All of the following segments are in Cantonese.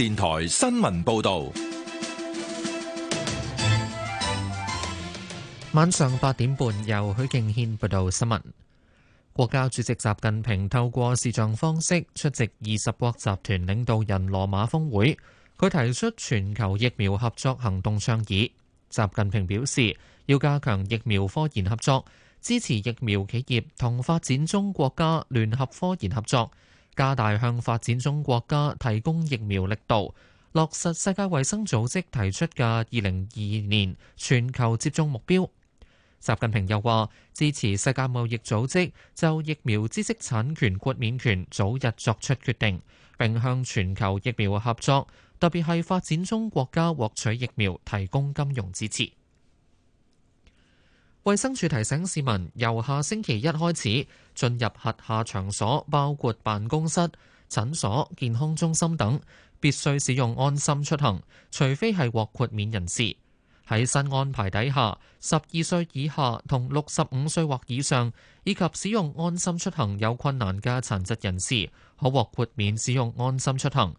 電台新聞報道，晚上八點半由許敬軒報道新聞。國家主席習近平透過視像方式出席二十國集團領導人羅馬峰會，佢提出全球疫苗合作行動倡議。習近平表示，要加強疫苗科研合作，支持疫苗企業同發展中國家聯合科研合作。加大向發展中國家提供疫苗力度，落實世界衛生組織提出嘅二零二二年全球接種目標。習近平又話支持世界貿易組織就疫苗知識產權豁免權早日作出決定，並向全球疫苗合作，特別係發展中國家獲取疫苗提供金融支持。衛生署提醒市民，由下星期一開始，進入轄下場所，包括辦公室、診所、健康中心等，必須使用安心出行，除非係獲豁免人士。喺新安排底下，十二歲以下同六十五歲或以上，以及使用安心出行有困難嘅殘疾人士，可獲豁免使用安心出行。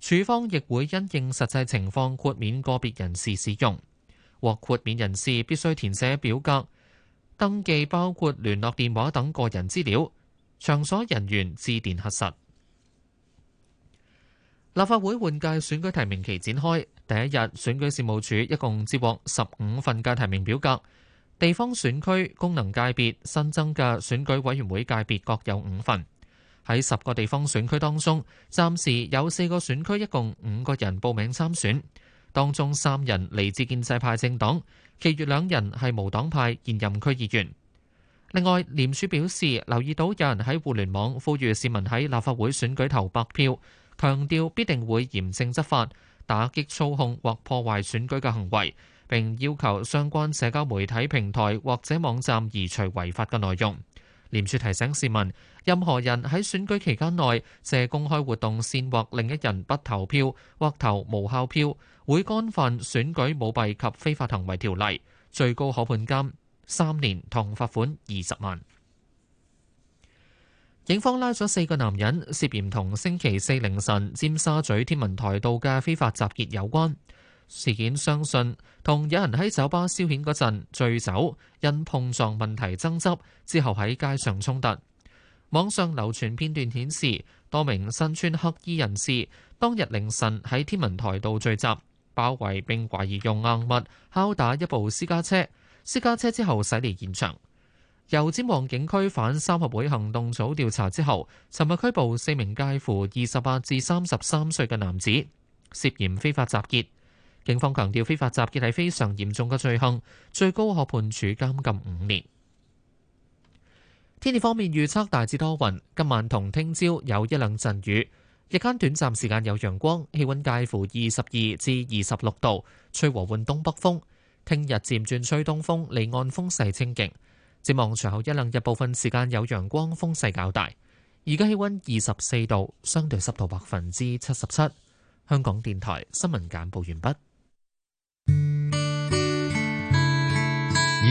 署方亦會因應實際情況豁免個別人士使用。獲豁免人士必須填寫表格，登記包括聯絡電話等個人資料，場所人員致電核實。立法會換屆選舉提名期展開，第一日選舉事務處一共接獲十五份嘅提名表格，地方選區功能界別新增嘅選舉委員會界別各有五份。喺十個地方選區當中，暫時有四個選區一共五個人報名參選。當中三人嚟自建制派政黨，其餘兩人係無黨派現任區議員。另外，廉署表示留意到有人喺互聯網呼籲市民喺立法會選舉投白票，強調必定會嚴正執法，打擊操控或破壞選舉嘅行為，並要求相關社交媒體平台或者網站移除違法嘅內容。廉署提醒市民，任何人喺選舉期間內借公開活動煽惑另一人不投票或投無效票，會干犯《選舉舞弊及非法行為條例》，最高可判監三年同罰款二十萬。警方拉咗四個男人，涉嫌同星期四凌晨尖沙咀天文台度嘅非法集結有關。事件相信同有人喺酒吧消遣嗰陣醉酒，因碰撞問題爭執，之後喺街上衝突。網上流傳片段顯示，多名身穿黑衣人士當日凌晨喺天文台度聚集，包圍並懷疑用硬物敲打一部私家車。私家車之後駛離現場。由尖旺警區反三合會行動組調查之後，尋日拘捕四名介乎二十八至三十三歲嘅男子，涉嫌非法集結。警方強調，非法集結係非常嚴重嘅罪行，最高可判處監禁五年。天氣方面預測大致多雲，今晚同聽朝有一兩陣雨，日間短暫時間有陽光，氣温介乎二十二至二十六度，吹和緩東北風。聽日漸轉吹東風，離岸風勢清勁。展望隨後一兩日部分時間有陽光，風勢較大。而家氣温二十四度，相對濕度百分之七十七。香港電台新聞簡報完畢。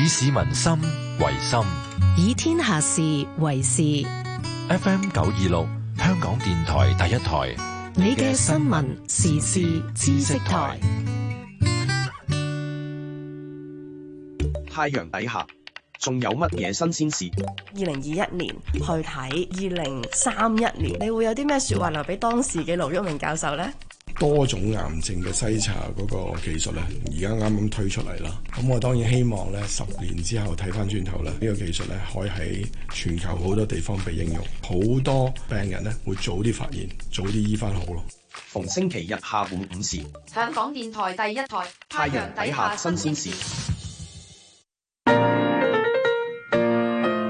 以市民心為心，以天下事為事。FM 九二六，香港電台第一台，你嘅新聞時事知識台。太陽底下仲有乜嘢新鮮事？二零二一年去睇二零三一年，你會有啲咩說話留俾當時嘅盧煜明教授呢？多種癌症嘅篩查嗰個技術咧，而家啱啱推出嚟啦。咁我當然希望咧，十年之後睇翻轉頭啦，呢、這個技術咧，可以喺全球好多地方被應用，好多病人咧會早啲發現，早啲醫翻好咯。逢星期日下午五時，香港電台第一台《太陽底下新鮮事》，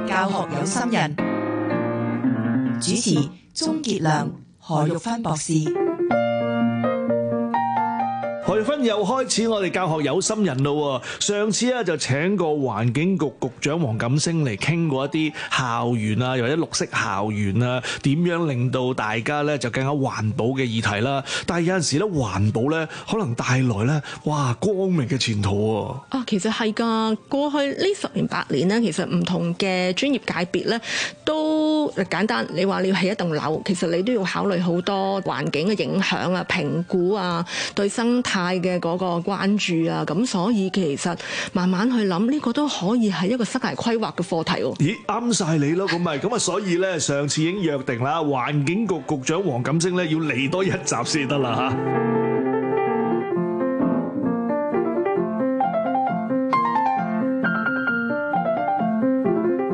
教學有心人，嗯、主持鍾傑良、何玉芬博士。何玉芬，又開始我哋教學有心人咯，上次啊就請過環境局局長黃錦星嚟傾過一啲校園啊，又或者綠色校園啊，點樣令到大家咧就更加環保嘅議題啦。但係有陣時咧環保咧可能帶來咧，哇，光明嘅前途啊！啊，其實係噶，過去呢十年八年咧，其實唔同嘅專業界別咧都，簡單你話你要起一棟樓，其實你都要考慮好多環境嘅影響啊、評估啊、對生態。嘅嗰個關注啊，咁所以其實慢慢去諗呢個都可以係一個生涯規劃嘅課題喎。咦，啱晒你咯，咁咪咁啊！所以咧，上次已經約定啦，環境局局長黃錦星咧要嚟多一集先得啦嚇。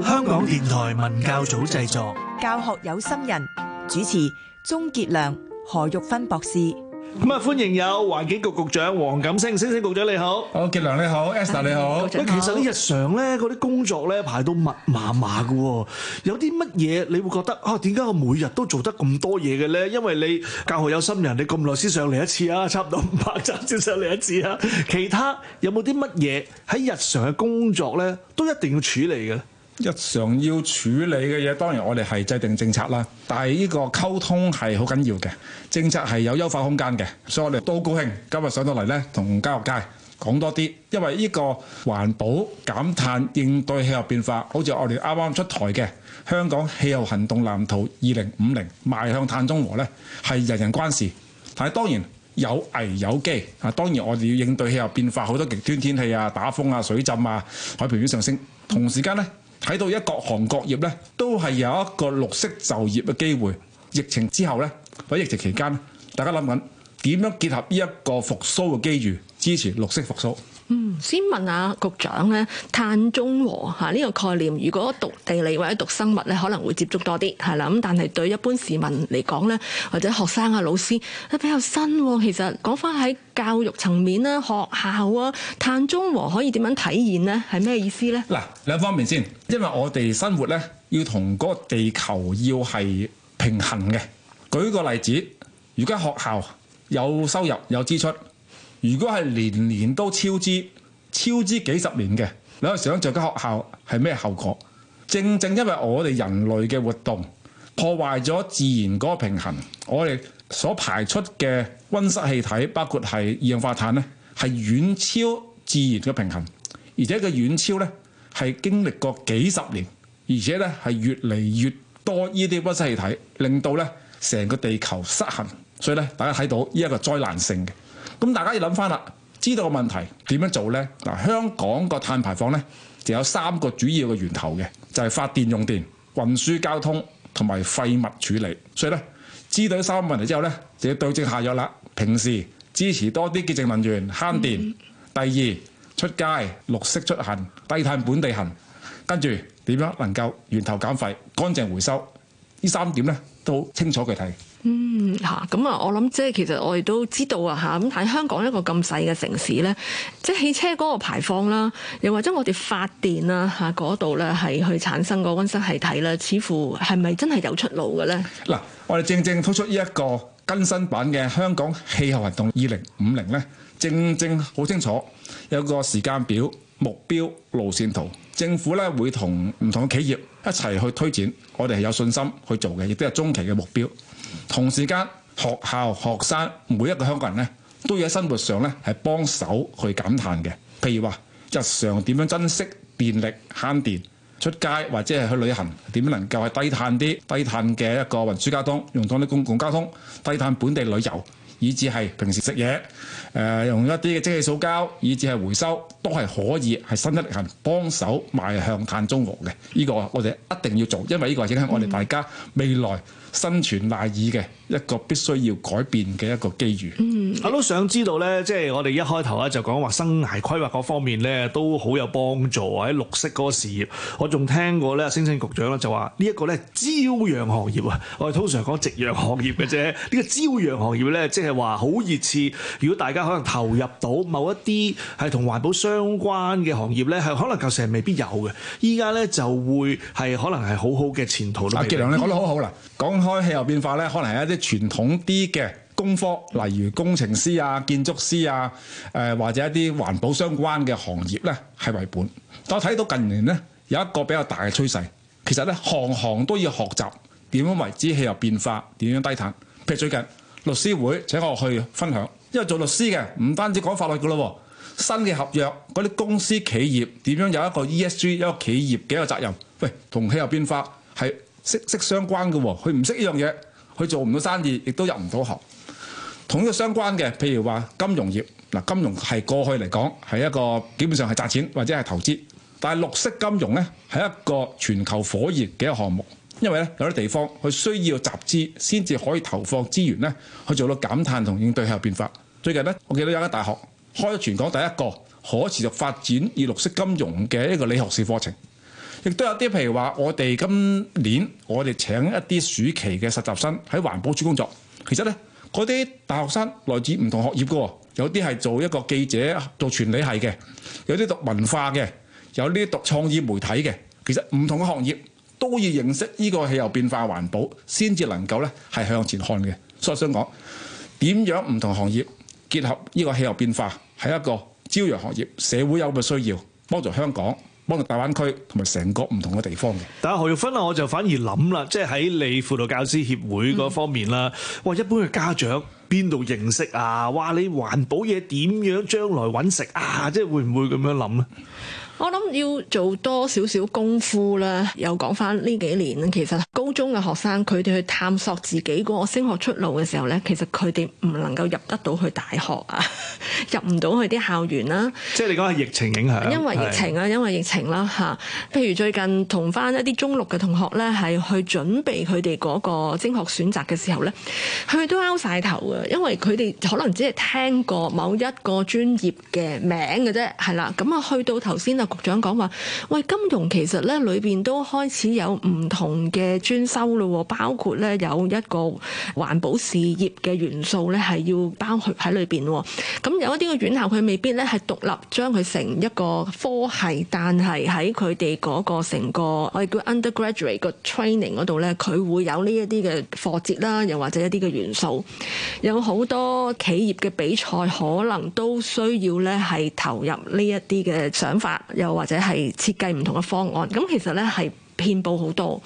香港電台文教組製作，教學有心人主持，鍾傑良、何玉芬博士。咁啊，歡迎有環境局局長黃錦星，星星局長，你好，歐杰良，你好，Esther 你好。其實你日常咧，嗰啲工作咧排到密麻麻㗎喎，有啲乜嘢你會覺得啊，點解我每日都做得咁多嘢嘅咧？因為你教學有心人，你咁耐先上嚟一次啊，差唔多五百集先上嚟一次啊。其他有冇啲乜嘢喺日常嘅工作咧，都一定要處理嘅？日常要處理嘅嘢，當然我哋係制定政策啦。但係呢個溝通係好緊要嘅，政策係有優化空間嘅，所以我哋都高興今日上到嚟呢，同教育界講多啲。因為呢個環保減碳、應對氣候變化，好似我哋啱啱出台嘅《香港氣候行動藍圖2050，邁向碳中和》呢係人人關事。但係當然有危有機啊！當然我哋要應對氣候變化，好多極端天氣啊、打風啊、水浸啊、海平面上升，同時間呢。睇到一各行各業咧，都係有一個綠色就業嘅機會。疫情之後咧，喺疫情期間，大家諗緊點樣結合呢一個復甦嘅機遇，支持綠色復甦。嗯，先問下局長咧，碳中和嚇呢個概念，如果讀地理或者讀生物咧，可能會接觸多啲，係啦。咁但係對一般市民嚟講咧，或者學生啊、老師都比較新，哦。其實講翻喺教育層面咧，學校啊，碳中和可以點樣體現咧？係咩意思咧？嗱，兩方面先，因為我哋生活咧要同嗰個地球要係平衡嘅。舉個例子，如果學校有收入、有支出。如果係年年都超支、超支幾十年嘅，你又想像間學校係咩後果？正正因為我哋人類嘅活動破壞咗自然嗰個平衡，我哋所排出嘅溫室氣體，包括係二氧化碳呢係遠超自然嘅平衡，而且嘅遠超呢，係經歷過幾十年，而且呢，係越嚟越多呢啲溫室氣體，令到呢成個地球失衡，所以呢，大家睇到呢一個災難性嘅。咁大家要諗翻啦，知道個問題點樣做呢？嗱，香港個碳排放呢，就有三個主要嘅源頭嘅，就係發電、用電、運輸交通同埋廢物處理。所以呢，知道三個問題之後呢，就要對症下藥啦。平時支持多啲潔淨能源、慳電、嗯；第二，出街綠色出行、低碳本地行；跟住點樣能夠源頭減廢、乾淨回收？呢三點呢，都好清楚具體。嗯吓，咁、嗯、啊，我諗即係，其實我哋都知道啊吓。咁喺香港一個咁細嘅城市咧，即係汽車嗰個排放啦，又或者我哋發電啦吓，嗰度咧係去產生個溫室氣體咧，似乎係咪真係有出路嘅咧？嗱，我哋正正推出呢一個更新版嘅香港氣候行動二零五零咧，正正好清楚有個時間表、目標、路線圖。政府咧會跟不同唔同嘅企業一齊去推展，我哋係有信心去做嘅，亦都係中期嘅目標。同時間學校學生每一個香港人呢，都要喺生活上呢，係幫手去減碳嘅。譬如話，日常點樣珍惜電力、慳電；出街或者係去旅行，點樣能夠係低碳啲、低碳嘅一個運輸交通，用多啲公共交通、低碳本地旅遊，以至係平時食嘢，誒、呃、用一啲嘅即棄塑膠，以至係回收，都係可以係新一力行幫手邁向碳中和嘅。呢、呢個我哋一定要做，因為呢個係影響我哋大家未來、嗯。生存賴以嘅一個必須要改變嘅一個機遇。嗯，我都想知道呢，即係我哋一開頭咧就講話生涯規劃嗰方面呢，都好有幫助喺綠色嗰個事業。我仲聽過呢，星星局長咧就話呢一個呢，朝陽行業啊，我哋通常講夕陽行業嘅啫。呢個朝陽行業呢，即係話好熱刺。如果大家可能投入到某一啲係同環保相關嘅行業呢，係可能舊時係未必有嘅，依家呢，就會係可能係好好嘅前途。阿傑良，你講得好好啦，講。開氣候變化呢，可能係一啲傳統啲嘅工科，例如工程師啊、建築師啊，誒、呃、或者一啲環保相關嘅行業呢係為本。但我睇到近年呢，有一個比較大嘅趨勢，其實呢，行行都要學習點樣為之氣候變化，點樣低碳。譬如最近律師會請我去分享，因為做律師嘅唔單止講法律噶咯，新嘅合約嗰啲公司企業點樣有一個 ESG 一個企業嘅一個責任，喂同氣候變化係。息息相關嘅喎，佢唔識呢樣嘢，佢做唔到生意，亦都入唔到學。同呢個相關嘅，譬如話金融業，嗱金融係過去嚟講係一個基本上係賺錢或者係投資，但係綠色金融呢，係一個全球火熱嘅項目，因為呢，有啲地方佢需要集資先至可以投放資源呢，去做到減碳同應對氣候變化。最近呢，我記得有一間大學開咗全港第一個可持續發展以綠色金融嘅一個理學士課程。亦都有啲，譬如話，我哋今年我哋請一啲暑期嘅實習生喺環保處工作。其實呢，嗰啲大學生來自唔同的學業嘅喎，有啲係做一個記者，做傳理系嘅，有啲讀文化嘅，有啲讀創意媒體嘅。其實唔同嘅行業都要認識呢個氣候變化、環保，先至能夠呢係向前看嘅。所以我想講，點樣唔同行業結合呢個氣候變化，係一個朝陽行業，社會有嘅需要，幫助香港。幫到大灣區同埋成個唔同嘅地方嘅。但係何玉芬啊，我就反而諗啦，即係喺你輔導教師協會嗰方面啦、嗯。哇，一般嘅家長邊度認識啊？哇，你環保嘢點樣將來揾食啊？即係會唔會咁樣諗呢？我諗要做多少少功夫啦。又講翻呢幾年，其實高中嘅學生佢哋去探索自己嗰個升學出路嘅時候咧，其實佢哋唔能夠入得到去大學啊，入唔到去啲校園啦。即係你講係疫情影響，因為疫情啊，因為疫情啦吓，譬如最近同翻一啲中六嘅同學咧，係去準備佢哋嗰個升學選擇嘅時候咧，佢哋都拗晒頭嘅，因為佢哋可能只係聽過某一個專業嘅名嘅啫，係啦。咁啊，去到頭先局長講話，喂，金融其實咧裏面都開始有唔同嘅專修嘞，包括咧有一個環保事業嘅元素咧，係要包含喺裏面喎。咁有一啲嘅院校佢未必咧係獨立將佢成一個科系，但係喺佢哋嗰個成個我哋叫 undergraduate 嘅 training 嗰度咧，佢會有呢一啲嘅課節啦，又或者一啲嘅元素。有好多企業嘅比賽可能都需要咧係投入呢一啲嘅想法。又或者係設計唔同嘅方案，咁其實咧係遍布好多。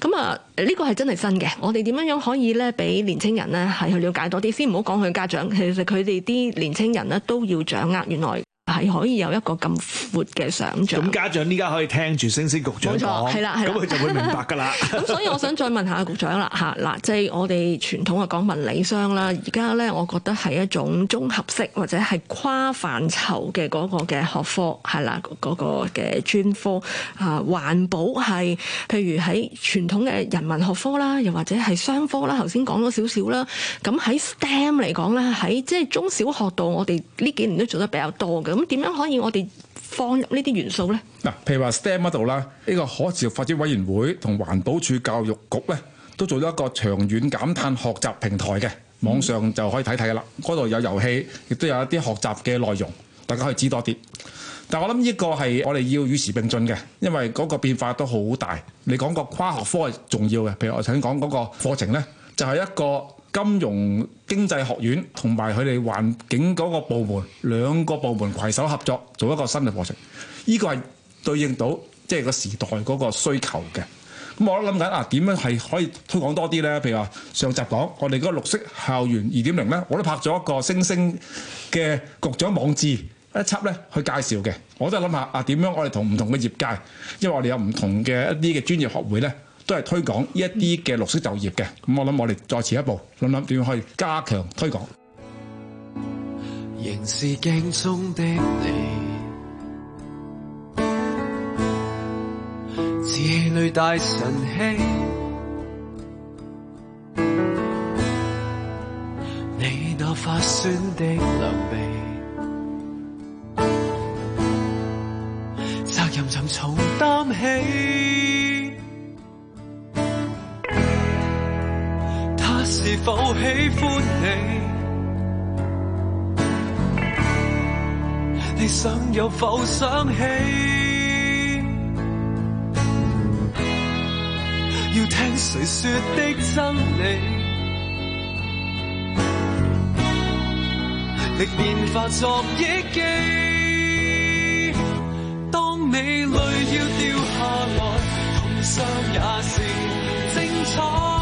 咁啊，呢個係真係新嘅。我哋點樣樣可以咧，俾年青人咧係去了解多啲。先唔好講佢家長，其實佢哋啲年青人咧都要掌握原來。係可以有一個咁闊嘅想象。咁家長呢家可以聽住星星局長講，冇錯，係啦，咁佢就會明白噶啦。咁所以我想再問下局長啦，吓嗱，即係我哋傳統嘅講文理商啦，而家咧，我覺得係一種綜合式或者係跨範疇嘅嗰個嘅學科，係啦，嗰個嘅專科啊，環保係，譬如喺傳統嘅人文學科啦，又或者係商科啦，頭先講咗少少啦，咁喺 STEM 嚟講咧，喺即係中小學度，我哋呢幾年都做得比較多嘅。咁點樣可以我哋放入呢啲元素呢？嗱，譬如話 STEM 嗰度啦，呢、這個可持續發展委員會同環保署教育局呢，都做咗一個長遠減碳學習平台嘅，網上就可以睇睇啦。嗰、嗯、度有遊戲，亦都有一啲學習嘅內容，大家可以知多啲。但我諗呢個係我哋要與時並進嘅，因為嗰個變化都好大。你講個跨學科係重要嘅，譬如我頭先講嗰個課程呢，就係、是、一個。金融經濟學院同埋佢哋環境嗰個部門兩個部門攜手合作做一個新嘅課程，呢、這個係對應到即係、就是、個時代嗰個需求嘅。咁、嗯、我都諗緊啊，點樣係可以推廣多啲呢？譬如話上集講我哋嗰個綠色校園二點零呢，我都拍咗一個星星嘅局長網誌一輯呢去介紹嘅。我都諗下啊，點樣我哋同唔同嘅業界，因為我哋有唔同嘅一啲嘅專業學會呢。都係推廣一啲嘅綠色就業嘅，咁我諗我哋再前一步，諗諗點樣可以加強推廣。否喜歡你？你想有否想起？要聽誰說的真理？你變化作憶記。當你淚要掉下來，痛傷也是精彩。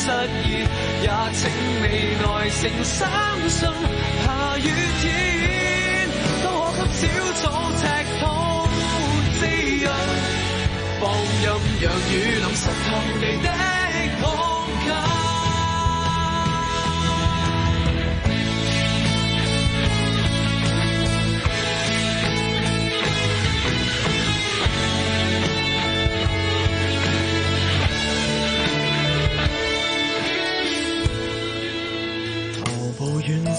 失意，也請你耐性相信，下雨天都可給小草、赤土滋潤，放任讓雨淋濕透你的。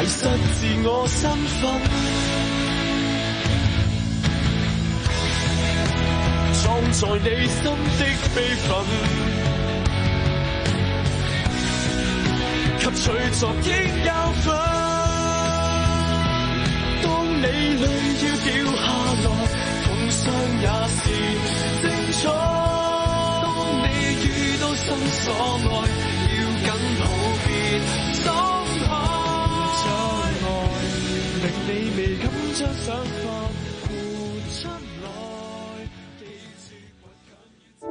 迷失自我身份，藏在你心的悲憤，吸取昨夜教訓。當你淚要掉下來，痛傷也是正常。當你遇到心所愛。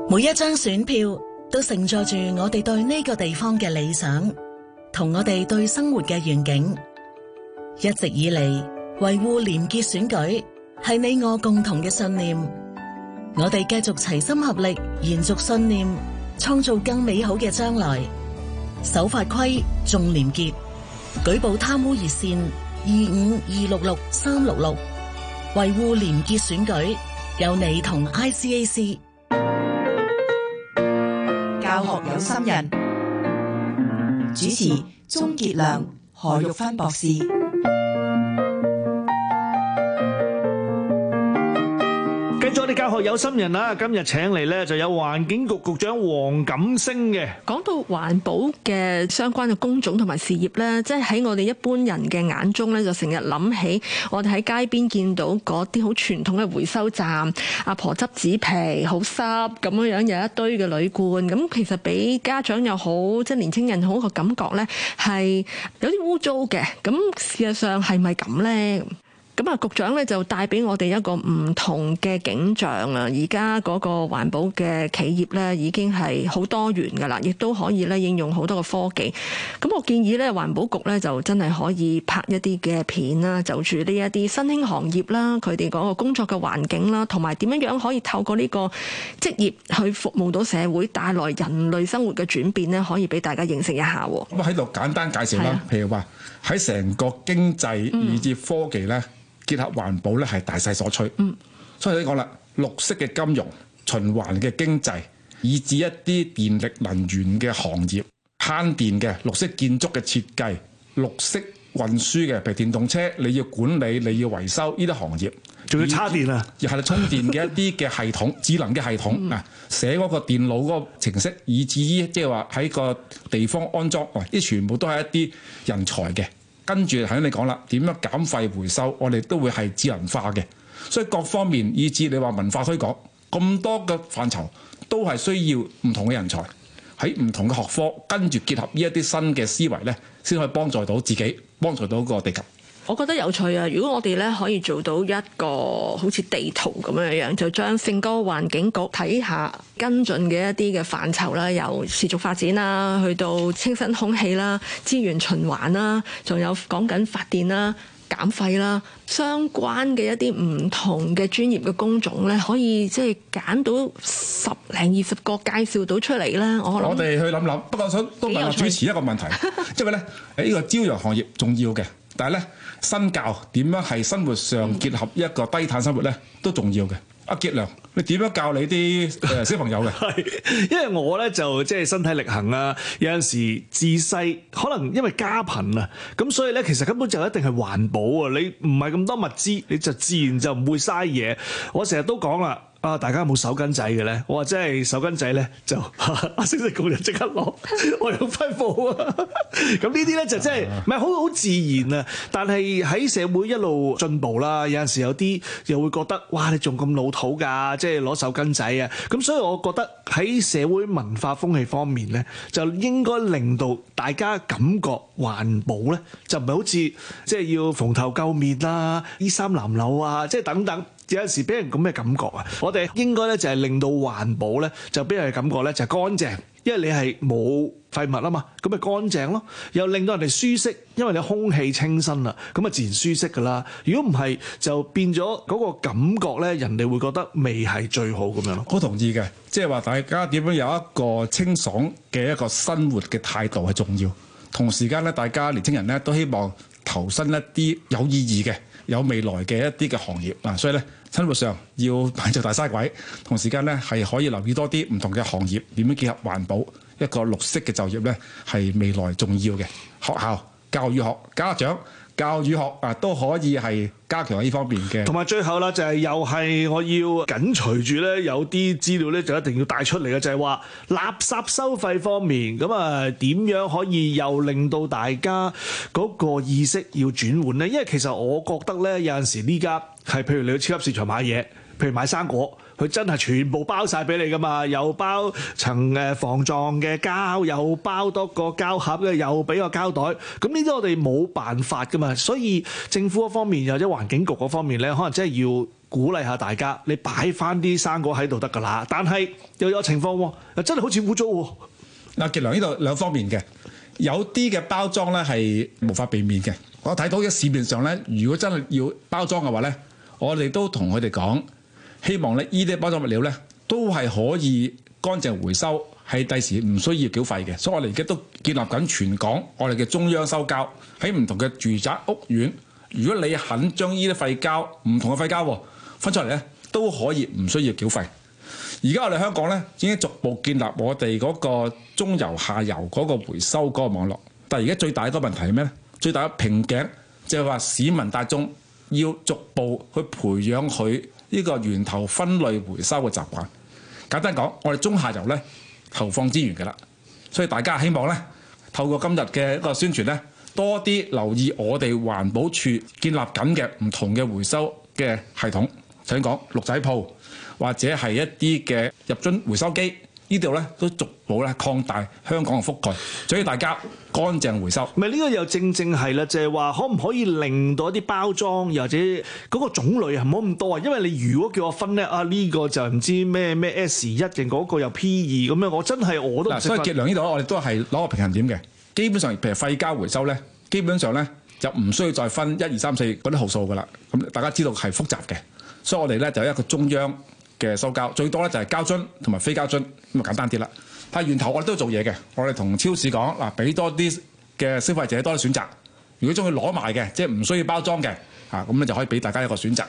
每一張選票都承載住我哋對呢個地方嘅理想，同我哋對生活嘅願景。一直以嚟，維護廉潔選舉係你我共同嘅信念。我哋繼續齊心合力，延續信念，創造更美好嘅將來。守法規，重廉潔，舉報貪污熱線。二五二六六三六六，維護廉潔選舉，有你同 ICAC。教學有心人，主持鍾傑良、何玉芬博士。咁多啲教學有心人啦，今日請嚟咧就有環境局局長黃錦星嘅。講到環保嘅相關嘅工種同埋事業咧，即係喺我哋一般人嘅眼中咧，就成日諗起我哋喺街邊見到嗰啲好傳統嘅回收站，阿婆執紙皮，好濕咁樣樣，有一堆嘅鋁罐。咁其實俾家長又好，即係年青人好，個感覺咧，係有啲污糟嘅。咁事實上係咪咁咧？咁啊，局長咧就帶俾我哋一個唔同嘅景象啊！而家嗰個環保嘅企業咧已經係好多元噶啦，亦都可以咧應用好多嘅科技。咁我建議咧，環保局咧就真係可以拍一啲嘅片啦，就住呢一啲新興行業啦，佢哋嗰個工作嘅環境啦，同埋點樣樣可以透過呢個職業去服務到社會帶來人類生活嘅轉變咧，可以俾大家認識一下。咁啊，喺度簡單介紹啦、啊，譬如話，喺成個經濟，以至科技咧。嗯結合環保咧係大勢所趨，嗯，所以你講啦，綠色嘅金融、循環嘅經濟，以至一啲電力能源嘅行業、慳電嘅綠色建築嘅設計、綠色運輸嘅，譬如電動車，你要管理、你要維修呢啲行業，仲要叉電啊，又係你充電嘅一啲嘅系統、智能嘅系統啊、嗯，寫嗰個電腦個程式，以至於即係話喺個地方安裝，哇！啲全部都係一啲人才嘅。跟住喺你講啦，點樣減廢回收，我哋都會係智能化嘅，所以各方面以至你話文化推廣咁多嘅範疇，都係需要唔同嘅人才喺唔同嘅學科跟住結合這些新的思維呢一啲新嘅思維呢先可以幫助到自己，幫助到個地球。我覺得有趣啊！如果我哋咧可以做到一個好似地圖咁樣樣，就將成個環境局睇下跟進嘅一啲嘅範疇啦，由持續發展啦，去到清新空氣啦、資源循環啦，仲有講緊發電啦、減廢啦，相關嘅一啲唔同嘅專業嘅工種咧，可以即係揀到十零二十個介紹到出嚟咧，我我哋去諗諗。不過我想都問個主持一個問題， 因為咧喺呢個朝陽行業重要嘅。但係咧，身教點樣係生活上結合一個低碳生活咧，都重要嘅。阿傑良，你點樣教你啲誒小朋友嘅？係，因為我咧就即係身體力行啊，有陣時自細可能因為家貧啊，咁所以咧其實根本就一定係環保啊！你唔係咁多物資，你就自然就唔會嘥嘢。我成日都講啦。啊！大家有冇手巾仔嘅咧？我話即係手巾仔咧，就阿星星講就即刻攞，我有分佈啊！咁呢啲咧就即係唔係好好自然啊？但係喺社會一路進步啦，有陣時有啲又會覺得哇！你仲咁老土㗎，即係攞手巾仔啊！咁所以我覺得喺社會文化風氣方面咧，就應該令到大家感覺環保咧，就唔係好似即係要蓬頭垢面啊、衣衫襤褸啊、即係等等。有時俾人咁嘅感覺啊，我哋應該咧就係令到環保咧就俾人嘅感覺咧就係乾淨，因為你係冇廢物啊嘛，咁咪乾淨咯。又令到人哋舒適，因為你空氣清新啦，咁咪自然舒適噶啦。如果唔係，就變咗嗰個感覺咧，人哋會覺得未係最好咁樣咯。好同意嘅，即係話大家點樣有一個清爽嘅一個生活嘅態度係重要。同時間咧，大家年青人咧都希望投身一啲有意義嘅、有未來嘅一啲嘅行業啊，所以咧。生活上要大着大晒位，同時間咧係可以留意多啲唔同嘅行業，點樣結合環保，一個綠色嘅就業咧係未來重要嘅。學校教育學家長。教育學啊都可以係加強呢方面嘅，同埋最後啦就係又係我要緊隨住呢，有啲資料呢就一定要帶出嚟嘅就係話垃圾收費方面咁啊，點樣可以又令到大家嗰個意識要轉換呢？因為其實我覺得呢，有陣時呢家係譬如你去超級市場買嘢。譬如買生果，佢真係全部包晒俾你噶嘛？又包層誒防撞嘅膠，又包多個膠盒咧，又俾個膠袋。咁呢啲我哋冇辦法噶嘛，所以政府方面又或者環境局方面咧，可能真係要鼓勵一下大家，你擺翻啲生果喺度得噶啦。但係又有一情況喎，真係好似污糟喎。阿傑良呢度兩方面嘅，有啲嘅包裝咧係無法避免嘅。我睇到嘅市面上咧，如果真係要包裝嘅話咧，我哋都同佢哋講。希望咧，呢啲包裝物料咧，都係可以乾淨回收，係第時唔需要繳費嘅。所以我哋而家都建立緊全港我哋嘅中央收交，喺唔同嘅住宅屋苑，如果你肯將呢啲廢膠、唔同嘅廢膠，分出嚟咧，都可以唔需要繳費。而家我哋香港咧已經逐步建立我哋嗰個中游下游嗰個回收嗰個網絡，但係而家最大嘅問題係咩咧？最大嘅瓶頸就係、是、話市民大眾要逐步去培養佢。呢、這個源頭分類回收嘅習慣，簡單講，我哋中下游呢投放資源嘅啦，所以大家希望呢透過今日嘅一個宣傳咧，多啲留意我哋環保署建立緊嘅唔同嘅回收嘅系統。請講鹿仔鋪或者係一啲嘅入樽回收機。呢度咧都逐步咧擴大香港嘅覆蓋，所以大家乾淨回收。唔係呢個又正正係啦，就係話可唔可以令到一啲包裝又或者嗰個種類係冇咁多啊？因為你如果叫我分咧，啊呢個就唔知咩咩 S 一定，嗰個又 P 二咁樣，我真係我都唔，所以結論呢度咧，我哋都係攞個平衡點嘅。基本上，譬如廢膠回收咧，基本上咧就唔需要再分一二三四嗰啲號數噶啦。咁大家知道係複雜嘅，所以我哋咧就一個中央嘅收膠最多咧就係膠樽同埋非膠樽，咁啊簡單啲啦。睇源頭我哋都要做嘢嘅，我哋同超市講，嗱，俾多啲嘅消費者多啲選擇。如果將佢攞埋嘅，即係唔需要包裝嘅嚇，咁咧就可以俾大家一個選擇。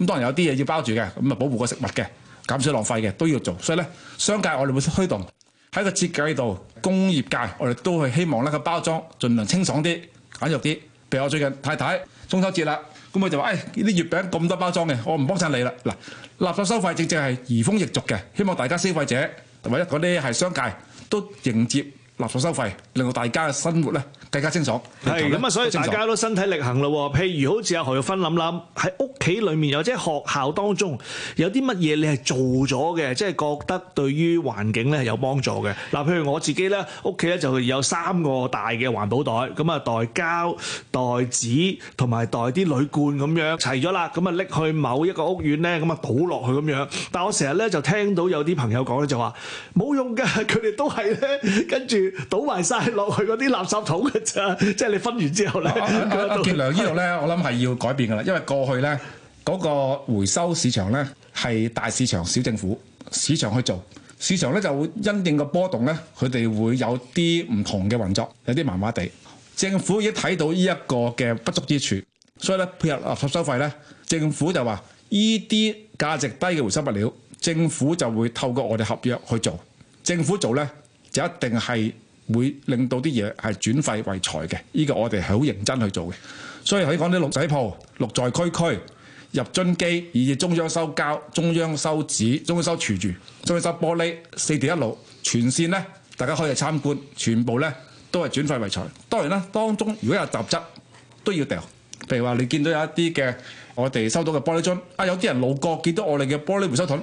咁當然有啲嘢要包住嘅，咁啊保護個食物嘅，減少浪費嘅都要做。所以咧，商界我哋會推動喺個設計度，工業界我哋都係希望咧個包裝盡量清爽啲、簡約啲。譬如我最近太太中秋節啦。咁佢就話：誒呢啲月餅咁多包裝嘅，我唔幫襯你啦。嗱，垃圾收費正正係移風易俗嘅，希望大家消費者同埋一嗰啲係商界都迎接。垃圾收費令到大家嘅生活咧更加清爽。係咁啊，所以大家都身體力行咯。譬如好似阿何玉芬諗諗喺屋企裏面，或者學校當中有啲乜嘢你係做咗嘅，即係覺得對於環境咧係有幫助嘅。嗱，譬如我自己咧，屋企咧就有三個大嘅環保袋，咁啊袋膠袋紙同埋袋啲鋁罐咁樣齊咗啦，咁啊拎去某一個屋苑咧，咁啊倒落去咁樣。但我成日咧就聽到有啲朋友講咧，就話冇用嘅，佢哋都係咧，跟住。倒埋晒落去嗰啲垃圾桶㗎咋，即係你分完之後咧。麥建良呢度咧，啊啊啊啊、我諗係要改變㗎啦，因為過去咧嗰個回收市場咧係大市場小政府市場去做，市場咧就會因應個波動咧，佢哋會有啲唔同嘅運作，有啲麻麻地。政府已經睇到呢一個嘅不足之處，所以咧配合垃圾收費咧，政府就話依啲價值低嘅回收物料，政府就會透過我哋合約去做，政府做咧。就一定係會令到啲嘢係轉廢為財嘅，呢個我哋係好認真去做嘅。所以可以講啲綠仔鋪，綠在區區入樽機，以至中央收膠、中央收紙、中央收鋁住、中央收玻璃，四地一路，全線呢，大家可以去參觀，全部呢都係轉廢為財。當然啦，當中如果有雜質都要掉。譬如話你見到有一啲嘅我哋收到嘅玻璃樽，啊有啲人路過見到我哋嘅玻璃回收桶，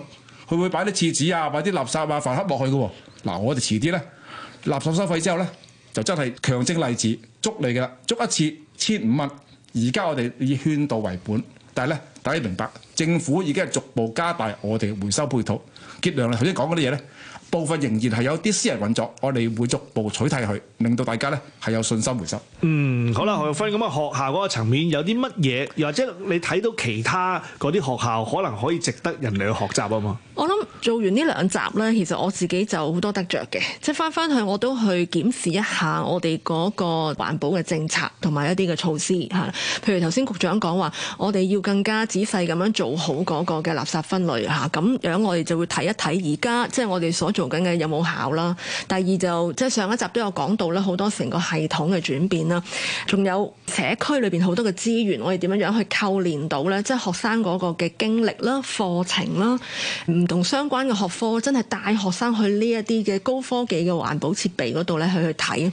佢會擺啲廁紙啊、擺啲垃圾啊、飯盒落去嘅喎。嗱，我哋遲啲咧，垃圾收費之後咧，就真係強徵例子捉你㗎喇，捉一次千五蚊。而家我哋以勸導為本，但係咧，大家明白，政府已經係逐步加大我哋嘅回收配套，結良咧頭先講嗰啲嘢咧。部分仍然係有啲私人運作，我哋會逐步取締佢，令到大家咧係有信心回收。嗯，好啦，何玉芬，咁啊，學,學校嗰個層面有啲乜嘢，又或者你睇到其他嗰啲學校可能可以值得人哋去學習啊嘛？我諗做完呢兩集咧，其實我自己就好多得着嘅，即係翻翻去我都去檢視一下我哋嗰個環保嘅政策同埋一啲嘅措施吓，譬如頭先局長講話，我哋要更加仔細咁樣做好嗰個嘅垃圾分類吓，咁樣我哋就會睇一睇而家即係我哋所。做緊嘅有冇效啦？第二就即、是、係上一集都有講到啦，好多成個系統嘅轉變啦，仲有社區裏邊好多嘅資源，我哋點樣樣去扣連到咧？即係學生嗰個嘅經歷啦、課程啦，唔同相關嘅學科，真係帶學生去呢一啲嘅高科技嘅環保設備嗰度咧，去去睇。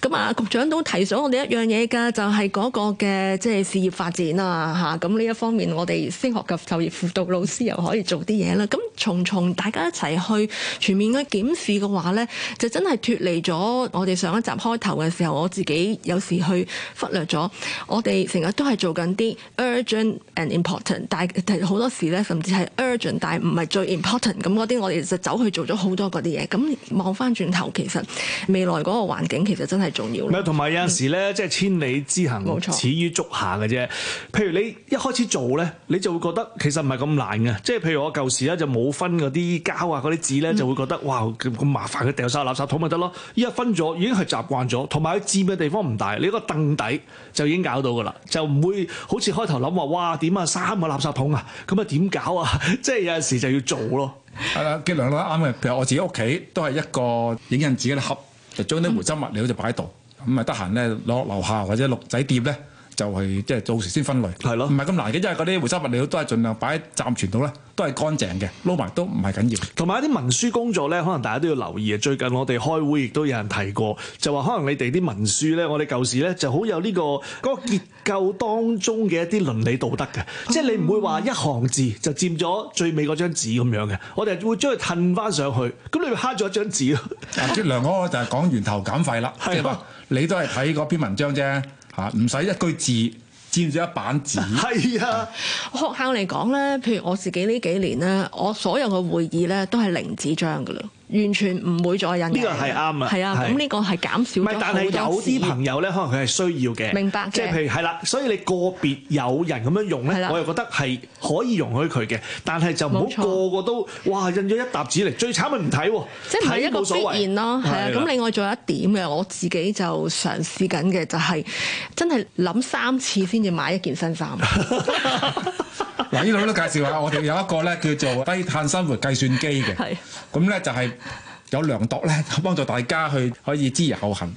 咁啊，局長都提咗我哋一樣嘢㗎，就係、是、嗰個嘅即係事業發展啊嚇。咁呢一方面，我哋升學及就業輔導老師又可以做啲嘢啦。咁重重大家一齊去全面去檢視嘅話咧，就真係脱離咗我哋上一集開頭嘅時候，我自己有時去忽略咗。我哋成日都係做緊啲 urgent and important，但係好多時咧甚至係 urgent，但係唔係最 important。咁嗰啲我哋就走去做咗好多嗰啲嘢。咁望翻轉頭，其實未來嗰個環境其實真係重要了。同埋有陣時咧，嗯、即係千里之行始於足下嘅啫。譬如你一開始做咧，你就會覺得其實唔係咁難嘅。即係譬如我舊時咧就冇分嗰啲膠啊，嗰啲紙咧就會得哇，咁咁麻煩，佢掉晒垃圾桶咪得咯？依家分咗，已經係習慣咗，同埋佢佔嘅地方唔大。你個凳底就已經搞到噶啦，就唔會好似開頭諗話哇，點啊三個垃圾桶啊咁啊點搞啊？即係有陣時就要做咯。係、啊、啦，傑良都啱嘅。譬如我自己屋企都係一個影印紙嘅盒，就將啲回收物料就擺喺度，咁咪得閒咧攞樓下或者鹿仔碟咧。就係即係到時先分類，係咯，唔係咁難嘅，因為嗰啲回收物料都係盡量擺喺暫存度咧，都係乾淨嘅，撈埋都唔係緊要。同埋一啲文書工作咧，可能大家都要留意啊。最近我哋開會亦都有人提過，就話可能你哋啲文書咧，我哋舊時咧就好有呢個嗰個結構當中嘅一啲倫理道德嘅、嗯，即係你唔會話一行字就佔咗最尾嗰張紙咁樣嘅，我哋會將佢褪翻上去。咁你咪蝦咗一張紙咯。阿、啊、 梁哥就係講源頭減廢啦、即係話，你都係睇嗰篇文章啫。嚇唔使一句字佔住一版紙，係啊,啊！學校嚟講咧，譬如我自己呢幾年咧，我所有嘅會議咧都係零紙張噶啦。完全唔會再印，呢個係啱啊！係啊，咁呢個係減少咗。但係有啲朋友咧，可能佢係需要嘅，明白嘅。即係譬如係啦，所以你個別有人咁樣用咧，我又覺得係可以容許佢嘅，但係就唔好個個都哇印咗一沓紙嚟，最慘咪唔睇喎，即係唔係一個必然囉。即係冇乜所謂。冇乜所謂。冇乜所謂。冇乜所謂。冇乜所謂。冇乜所謂。冇乜所謂。冇乜所謂。冇嗱，呢度都介紹下，我哋有一個咧 叫做低碳生活計算機嘅，咁 咧就係有量度咧幫助大家去可以知而後行。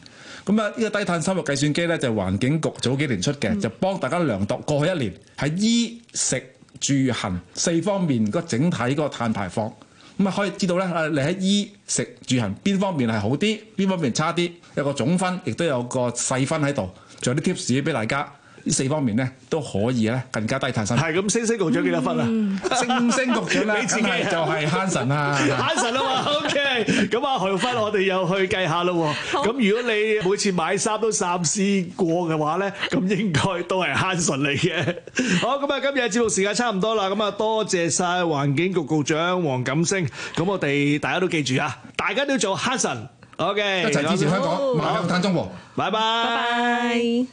咁啊，呢個低碳生活計算機咧就係環境局早幾年出嘅、嗯，就幫大家量度過去一年喺衣食住行四方面個整體嗰個碳排放，咁啊可以知道咧，你喺衣食住行邊方面係好啲，邊方面差啲，有個總分亦都有個細分喺度，仲有啲 tips 俾大家。呢四方面咧都可以咧更加低碳生活。係咁，星星局長幾多分啊？嗯、星星局長 你自己、啊、就係慳神啊！慳神啊嘛，OK。咁啊，何玉芬，我哋又去計下咯。咁如果你每次買衫都三思過嘅話咧，咁應該都係慳神嚟嘅。好，咁啊，今日節目時間差唔多啦。咁啊，多謝晒環境局局，局長黃錦星。咁我哋大家都記住啊，大家都做慳神。OK，一齊支持香港邁向碳中和。拜、哦、拜。